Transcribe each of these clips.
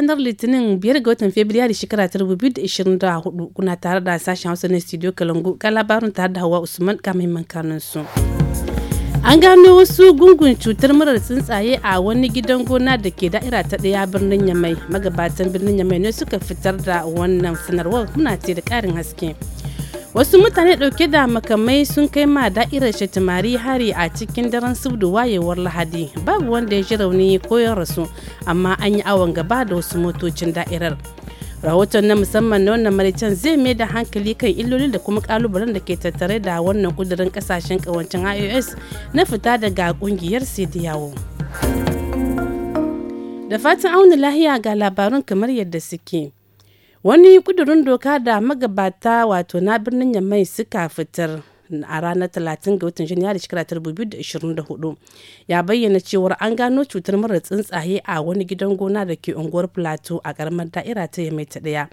ranar Litinin biyar ga watan Fabrairu shekara ta 2024 kuna tare da sashen Hausa na Studio Kalangu ga labarin tare da Hawa Usman ga muhimman kanun su. An gano wasu gungun cutar murar tsuntsaye a wani gidan gona da ke da'ira ta ɗaya birnin Yamai. Magabatan birnin Yamai ne suka fitar da wannan sanarwar muna ce da ƙarin haske. wasu mutane dauke da makamai sun kai ma da'irar shatimari hari a cikin daren subdu wayewar lahadi babu wanda ya ji rauni ko rasu amma an yi awon gaba da wasu motocin da'irar rahoton na musamman na wannan maraicen zai mai da hankali kan illolin da kuma kalubalen da ke tattare da wannan kudurin kasashen kawancin ios na fita daga kungiyar yawo. da fatan auna lahiya ga labarun kamar yadda suke wani kudurin doka da magabata wato na birnin yamai suka fitar a ranar 30 ga watan janairu shekara 2024 ya bayyana cewar an gano cutar mara tsuntsaye a wani gidan gona da ke unguwar plateau a karamar da'ira ta yamai ta daya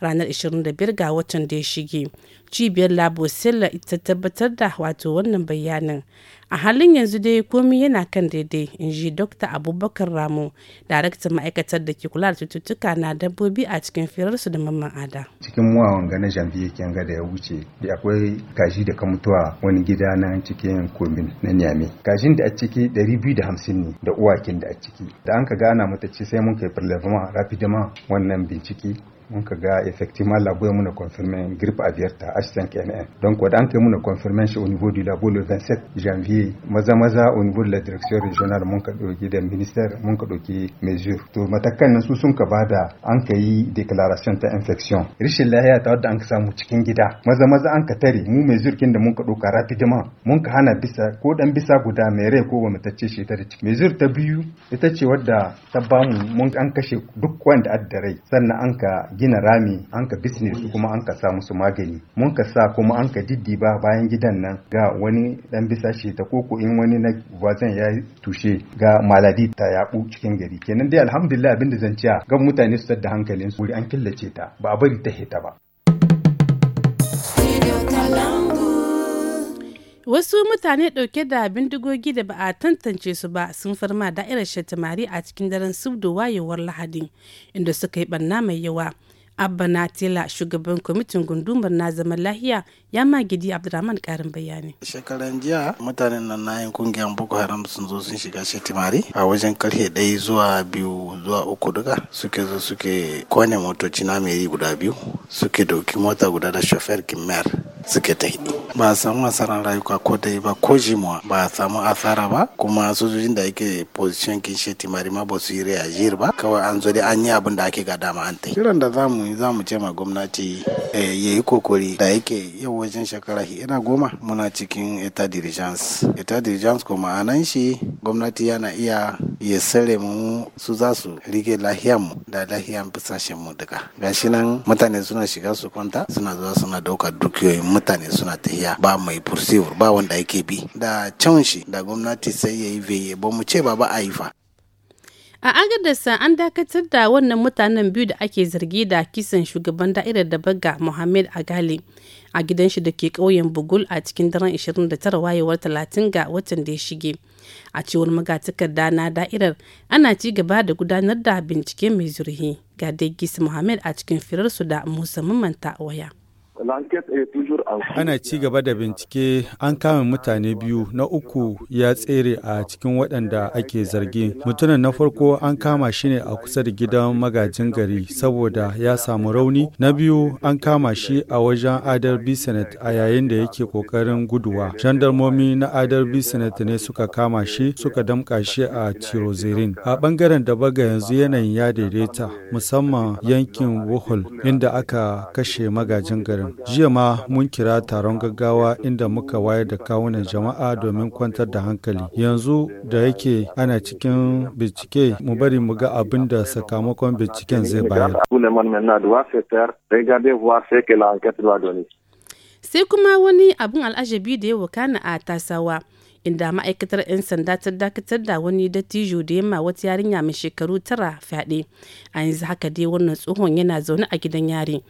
ranar 25 ga watan da ya shige cibiyar labosilla ita tabbatar da wato wannan bayanin a halin yanzu dai komi yana kan daidai in ji dr abubakar ramu daraktan ma'aikatar da ke kula da cututtuka na dabbobi a cikin firarsu da mamman ada cikin muwawan na janvier kyanga da ya wuce da akwai kaji da ka mutuwa wani gida na cikin komin na niyame kajin da a ciki 250 ne da uwakin da a ciki da an ka gana mata ce sai mun kai prelevement rapidement wannan bincike mun ka ga effectivement labo ya muna confirmer grippe aviaire ta H5N1 donc wa an kai muna confirmer shi au niveau du labo le 27 janvier maza maza au niveau de la direction régionale mun ka doki da ministère mun ka doki mesure to matakan nan su sun ka bada an ka yi ta infection rishin lahiya ta wadda an ka samu cikin gida maza maza an ka tare mu mesure kin da mun ka doka rapidement mun ka hana bisa ko dan bisa guda mai rai ko wani tacce shi ta da ciki mesure ta biyu ita ce wadda ta bamu mun an kashe duk wanda addare sannan an ka gina rami an ka bisne kuma an ka sa musu magani mun ka sa kuma an ka diddiba bayan gidan nan ga wani dan bisa shi ta koko in wani na wazan ya tushe ga maladi ta yaɓu cikin gari kenan dai alhamdulillah abinda zan ciya ga mutane su da hankalin su wuri an killace ta ba a bari ta heta ba wasu mutane dauke da bindigogi da ba a tantance su ba sun farma da'irar shatamari a cikin daren subdo wayewar lahadin inda suka yi barna mai yawa abba na tela shugaban kwamitin gundumar na zaman lahiya ya magidi abdurrahman karin bayani shekaran jiya mutanen nan nayin kungiyar boko haram sun zo sun shiga shetimari a wajen karfe ɗaya zuwa biyu zuwa uku duka suke zo suke kone motoci na meri guda biyu suke dauki mota guda da shofar kimmer suke ta hidi ba a samu asarar rayuka ko dai ba ko jimuwa ba a samu asara ba kuma sojojin da ake position kinshe timari ma ba su yi reagir ba kawai an zo dai an yi abin da ake ga dama an tai kiran da za mu yi za mu ce ma gwamnati eh, ya yi kokori da yake yau wajen shekara ina goma muna cikin eta diligence eta diligence kuma a nan shi gwamnati yana iya ya sare mu su za su rike mu da lahiyan fisashen mu duka gashi nan mutane suna shiga su kwanta suna zuwa suna daukar dukiyoyin mutane suna tahiya ba mai fursiwur ba wanda yake bi da can shi da gwamnati sai yayi yi veye ba mu ce ba ba a fa A agadarsa an dakatar da wannan mutanen biyu da ake zargi da kisan shugaban da'irar da baga Mohamed Agali a gidan shi da ke ƙauyen Bugul a cikin daren 29 wayewar 30 ga watan da ya shige. A cewar magatakarda na da'irar ana ci gaba da gudanar da bincike mai zurhi ga dagis Mohamed a cikin firarsu da musamman ta waya. Ana ci gaba da bincike an kama mutane biyu na uku ya tsere a cikin waɗanda ake zargi. Mutumin na farko an kama shi ne a kusa da gidan magajin gari saboda ya samu rauni. Na biyu an kama shi a wajen Adar Bisenet a yayin da yake ƙoƙarin guduwa. Jandarmomi na Adar Bisenet ne suka kama shi suka damƙa shi a Tirozirin. A ɓangaren da baga yanzu yanayin ya daidaita musamman yankin Wuhul inda aka kashe magajin garin. Jiya ma mun kira taron gaggawa inda muka wayar da kawunan jama'a domin kwantar da hankali. Yanzu da yake ana cikin bincike mu bari mu ga abin da sakamakon binciken zai bayar. Sai kuma wani abin al'ajabi da ya wakana a tasawa. inda ma'aikatar 'yan sanda ta dakatar da wani dattijo da yamma wata yarinya mai shekaru tara fyaɗe a yanzu haka dai wannan tsohon yana zaune a gidan yari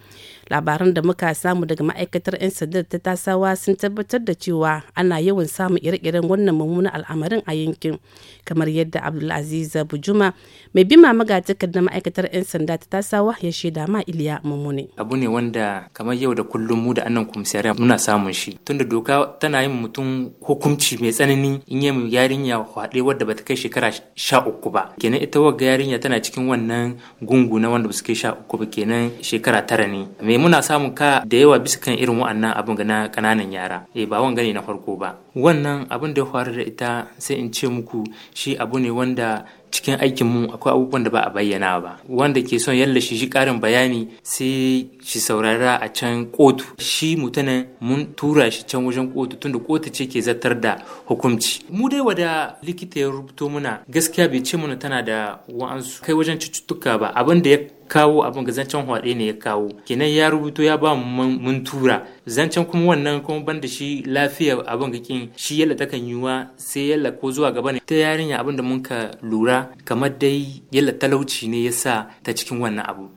labaran da muka samu daga ma'aikatar 'yan sanda ta tasawa sun tabbatar da cewa ana yawan samun ire-iren wannan mummunan al'amarin a yankin kamar yadda abdulaziz bujuma mai bima magatakar da ma'aikatar 'yan sanda ta tasawa ya shaida ma iliya mummune abu ne wanda kamar yau da kullum mu da annan kumsiyar muna samun shi tunda doka tana yin mutum hukunci mai tsanani in ya mu yarinya hwaɗe wadda bata kai shekara sha uku ba kenan ita wagga yarinya tana cikin wannan gungu na wanda basu kai sha uku ba kenan shekara tara ne me muna samun ka da yawa bisa kan irin wa'annan abin na kananan yara eh ba wani gani na farko ba wannan abin da ya faru da ita sai in ce muku shi abu ne wanda cikin aikin mu akwai abubuwan da ba a bayyana ba wanda ke son yalla shi shi karin bayani sai shi saurara a can kotu shi mutanen mun tura shi can wajen kotu tunda kotu ce ke zartar da hukunci mu dai wada likita ya rubuto muna gaskiya bai ce muna tana da wa'ansu kai wajen cututtuka ba abin da ya kawo abin ga zancen hwaɗe ne ya kawo kenan ya rubuto ya ba mun tura zancen kuma wannan kuma ban da shi lafiya abin kin shi yalla ta kan yiwa sai yalla ko zuwa gaba ne ta yarinya abin da mun ka lura kamar dai yalla talauci ne yasa sa ta cikin wannan abu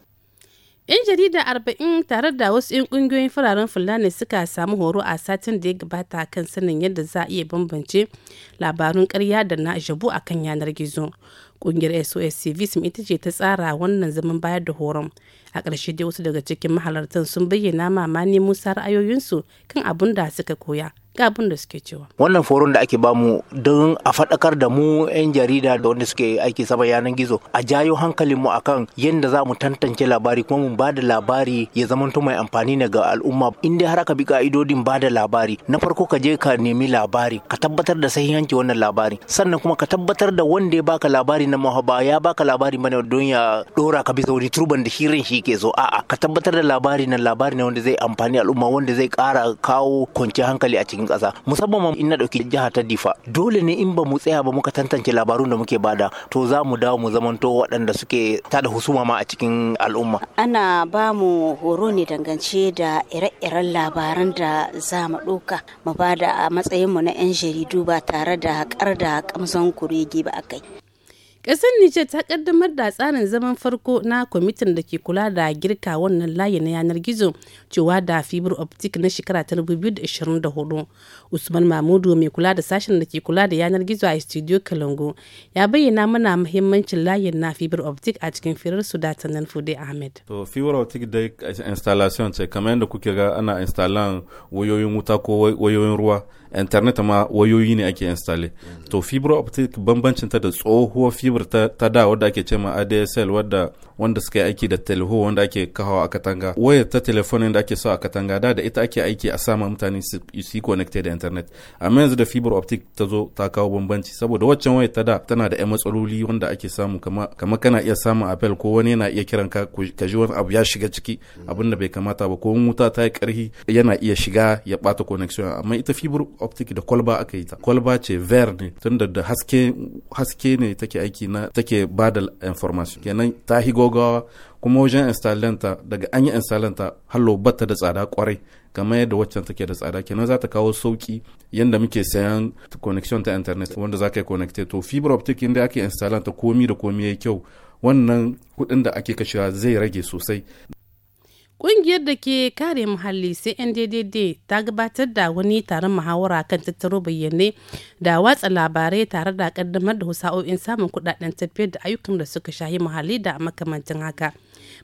'yan jarida arba'in tare da wasu 'yan kungiyoyin fararen fulani suka samu horo a satin da ya gabata kan sanin yadda za a iya bambance labarun karya da na jabu a kan yanar gizo kungiyar sos civism ita ce ta tsara wannan zaman bayar da horon a ƙarshe dai wasu daga cikin mahalartan sun bayyana mamani musa ra'ayoyinsu kan abun da suka koya ga abin da suke cewa wannan foron da ake bamu don a faɗakar da mu 'yan jarida da wanda suke aiki saba yanar gizo a jayo hankalin mu akan yadda za mu tantance labari kuma mu ba da labari ya zamanta mai amfani ne ga al'umma in dai har ka bi ka'idodin ba da labari na farko ka je ka nemi labari ka tabbatar da sahihanci wannan labari sannan kuma ka tabbatar da wanda ya baka labari na mahaba ya baka labari mana don ya dora ka bisa wani turban da shirin shi ke so a'a ka tabbatar da labari na labari ne wanda zai amfani al'umma wanda zai kara kawo kwanciyar hankali a cikin cikin ƙasa musamman in na dauki jiha ta difa dole ne in ba mu tsaya ba muka tantance labarun da muke bada to za mu dawo mu zamanto waɗanda suke tada husuma ma a cikin al'umma. Ana ba mu horo ne dangance da ire-iren labaran da za mu ɗauka mu bada a mu na 'yan jaridu ba tare da haƙar da kamzon kuregi ba akai. Ƙasar Nijar ta ƙaddamar da tsarin zaman farko na kwamitin da ke kula da girka wannan layi na yanar gizo cewa da fibir optic na shekara ta 2024. Usman Mahmudu mai kula da sashen da ke kula da yanar gizo a Studio kalangu ya bayyana mana mahimmancin layin na fibir optic a cikin firar su da tanan Fude Ahmed. To fibir optic dai installation ce kamar yadda kuke ga ana installan wayoyin wuta ko wayoyin ruwa internet ma wayoyi ne ake installe to fibro optic bambancin ta da tsohuwar fibro ta da wadda ake cema ADSL wadda wanda suka yi aiki da telho wanda ake kawo a katanga wayar ta telefonin da ake so a katanga da da ita ake aiki a sama mutane su yi connected da internet amma yanzu da fiber optic ta zo ta kawo bambanci saboda waccan wayar ta da tana da 'yan matsaloli wanda ake samu kama kana iya samun apel ko wani yana iya kiran ka ka ji wani abu ya shiga ciki abin da bai kamata ba ko wuta ta yi karhi yana iya shiga ya bata connection amma ita fiber optic da kwalba aka yi ta kwalba ce ver ne tunda da haske haske ne take aiki na take ba da information kenan ta higogawa kuma wajen installanta daga an yi installanta hallo bata da tsada kwarai kamar yadda waccan take da tsada kenan za ta kawo sauki yadda muke sayan connection ta internet wanda za ka yi connected to fiber optic inda ake installanta komi da komi ya kyau wannan kuɗin da ake kashewa zai rage sosai Ƙungiyar da ke kare muhalli CNDDD ta gabatar da wani taron muhawara kan tattaro bayyane da watsa labarai tare da kaddamar da husa'o'in samun kudaden tafiyar da ayyukan da suka shahi muhalli da makamantan haka.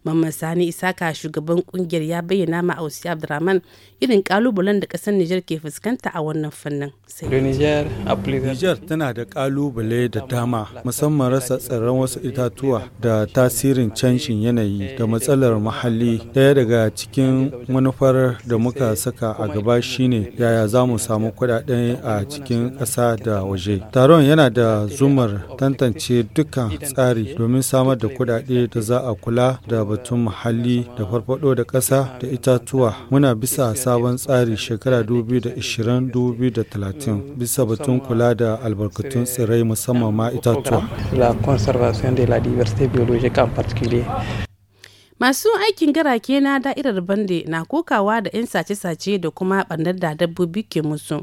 Mamman Sani Isaka shugaban kungiyar ya bayyana ma Ausi Abdurrahman irin kalubalen da kasar Nijar ke fuskanta a wannan fannin. Nijar tana da kalubale da dama musamman rasa tsaron wasu itatuwa da tasirin canshin yanayi da matsalar muhalli daya daga cikin manufar da muka saka a gaba shine yaya za mu samu kudaden a cikin ƙasa da waje. Taron yana da zumar tantance dukkan tsari domin samar da kudade da za a kula da da batun muhalli da farfado da ƙasa da itatuwa muna bisa sabon tsari shekara 2020-2030 bisa batun kula da albarkatun tsirrai musamman ma itatuwa. Masu aikin gara ke na da'irar bande na kokawa da 'yan sace-sace da kuma ɓannar da dabbobi ke musu.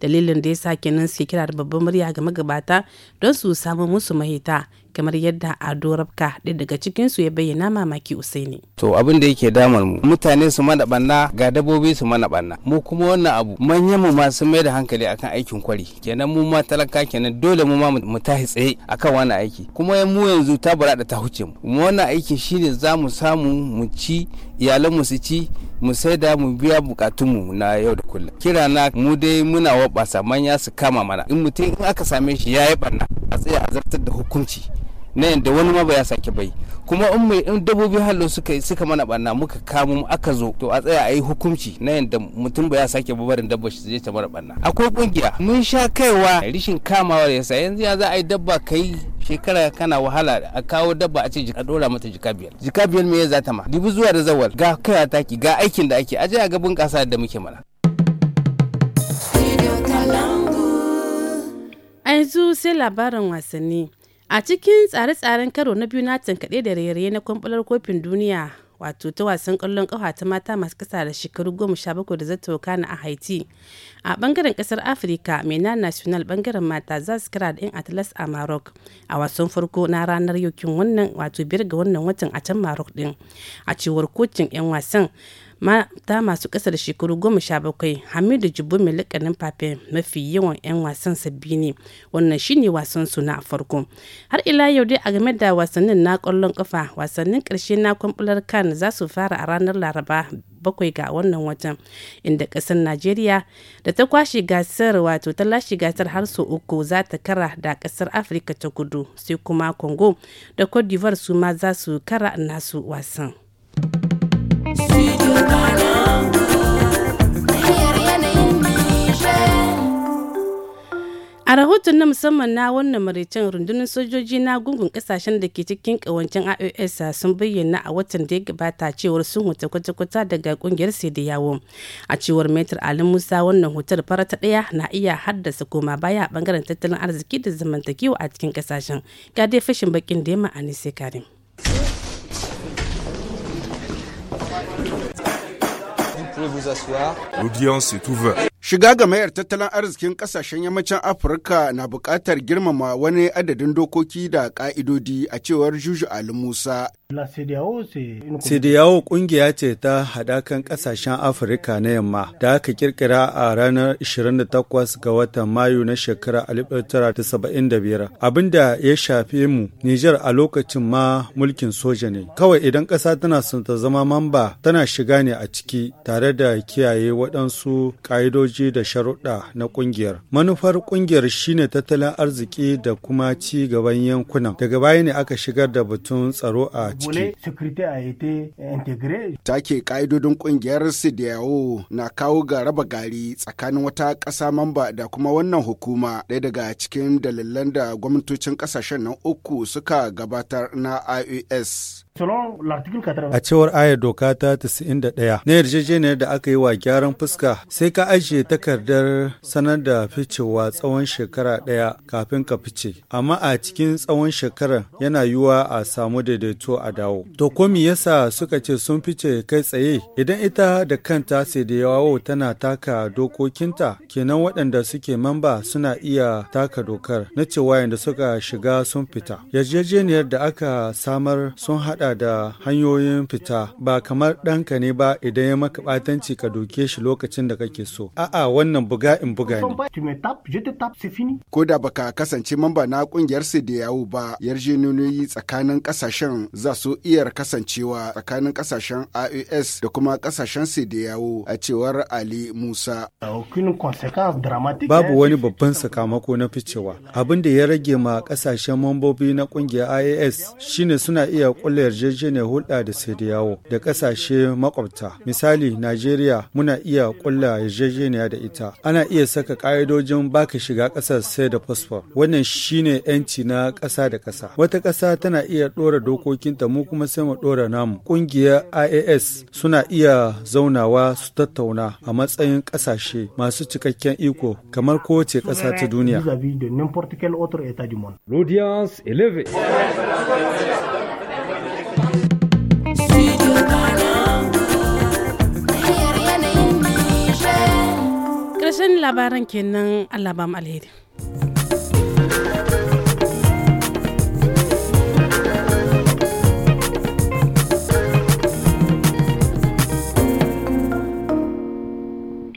Dalilin da ya sa kenan suke kira da babban murya ga magabata don su samu musu mahita kamar yadda ado rabka ɗaya daga cikinsu ya bayyana mamaki usaini to abin da yake damar mu mutane su mana banna ga dabbobi su mana banna mu kuma wannan abu manyan mu ma sun mai da hankali akan aikin kwari kenan mu ma talaka kenan dole mu ma mu tashi tsaye akan wannan aiki kuma mu yanzu ta da ta huce mu mu wannan aikin shine za mu samu mu ci iyalan mu su ci mu da mu biya bukatunmu na yau da kullum kira na mu dai muna wabasa manya su kama mana in mutum in aka same shi ya yi barna tsaya a zartar da hukunci na yadda wani ma ba ya sake bai kuma in mai in dabbobi hallo suka mana barna muka kamo mu aka zo to a tsaya a yi hukunci na yadda mutum ba ya sake barin dabba shi zai ta mara barna akwai kungiya mun sha kaiwa rishin kamawa ya sa yanzu ya za a yi dabba kai shekara kana wahala a kawo dabba a ce a dora mata jika biyar jika biyar me ya zata ma dubu zuwa da zawal ga kai ataki ga aikin da ake aje a ga bunƙasa da muke mana yanzu sai labarin wasanni. A cikin tsare-tsaren karo na biyu na tankaɗe da rairaye na kwamfalar kofin duniya wato ta wasan ƙwallon ƙafa ta mata masu ƙasa da shekaru goma sha bakwai da zata wakana a Haiti. A ɓangaren ƙasar Afirka, Mena National ɓangaren mata za su kira da 'yan Atlas a Maroc a wasan farko na ranar yaukin wannan wato biyar ga wannan watan a can Maroc ɗin. A cewar kocin 'yan wasan, mata masu ƙasa da shekaru goma sha bakwai hamidu jibo mai likanin fafe mafi yawan 'yan wasan sabbi ne wannan shine wasan su na farko har ila yau dai a game da wasannin na ƙwallon ƙafa wasannin ƙarshe na kwamfular kan za su fara a ranar laraba bakwai ga wannan watan inda ƙasar najeriya da ta kwashe gasar wato ta lashe gasar har sau uku za ta kara da ƙasar afirka ta kudu sai kuma kongo da cote d'ivoire su ma za su kara nasu wasan. A rahoton na musamman na wannan maraicin rundunar sojoji na gungun kasashen da ke cikin kawancin IOS sun bayyana a watan da ya gabata cewar sun huta kwata-kwata daga kungiyar da yawo. A cewar Metar Ali Musa wannan hutar fara ta ɗaya na iya haddasa koma baya a bangaren tattalin arziki da zamantakewa a cikin kasashen. Ga dai fashin bakin da ya ma'ani sai pouvez vous asseoir. L'audience est ouverte. Shiga gamayar tattalin arzikin kasashen yammacin Afirka na buƙatar girmama wani adadin dokoki da ƙa'idodi a cewar Juju Ali Musa CDAO kungiya ce ta hadakan ƙasashen Afirka na yamma da aka kirkira a ranar 28 ga watan Mayu na shekarar 1975. Abin da ya shafe mu, Nijar a lokacin ma mulkin soja ne. Kawai idan ƙasa tana son ta zama mamba tana shiga ne a ciki tare da kiyaye waɗansu ƙa'idoji da sharuɗa na ƙungiyar. Manufar ƙungiyar shine tattalin arziki da kuma ci gaban yankunan. Daga baya ne aka shigar da batun tsaro a ciki. ke ƙa'idodin ƙungiyar Sidiyawo na kawo ga raba gari tsakanin wata ƙasa mamba da kuma wannan hukuma ɗaya daga cikin dalilan da gwamnatocin ƙasashen nan uku suka gabatar na IOS A cewar ayar doka ta ɗaya, na yarjejeniyar da aka yi wa gyaran fuska sai ka ajiye takardar sanar da ficewa tsawon shekara ɗaya kafin ka fice, amma a cikin tsawon shekarar yana yiwuwa a samu daidaito a dawo. To ko me yasa suka ce sun fice kai tsaye idan ita da kanta sai da yawo tana taka dokokinta kenan waɗanda suke mamba suna iya taka dokar na cewa yadda suka shiga sun fita. Yarjejeniyar da aka samar sun haɗa hada da hanyoyin fita ba kamar ɗanka ne ba idan ya maka batanci ka doke shi lokacin da kake so. A'a wannan buga in buga ne. Ko da baka kasance mamba na ƙungiyar yawo ba yarjejeniyoyi tsakanin ƙasashen za su iya kasancewa tsakanin ƙasashen IOS da kuma ƙasashen yawo a cewar Ali Musa. Babu wani babban sakamako na ficewa. Abin da ya rage ma ƙasashen mambobi na ƙungiyar IAS shine suna iya ƙulla yarjejeniyar hulɗa da sai da yawo da ƙasashe makwabta. Misali, Najeriya muna iya ƙulla yarjejeniya da ita. Ana iya saka ƙa'idojin baka shiga ƙasar sai da fosfor Wannan shine 'yanci na ƙasa da ƙasa. Wata ƙasa tana iya ɗora dokokinta mu kuma sai mu ɗora namu. Ƙungiyar IAS suna iya zaunawa su tattauna a matsayin ƙasashe masu cikakken iko kamar kowace ƙasa ta duniya. Rodians 11. Ƙarshen labaran kenan Allah ba mu alheri.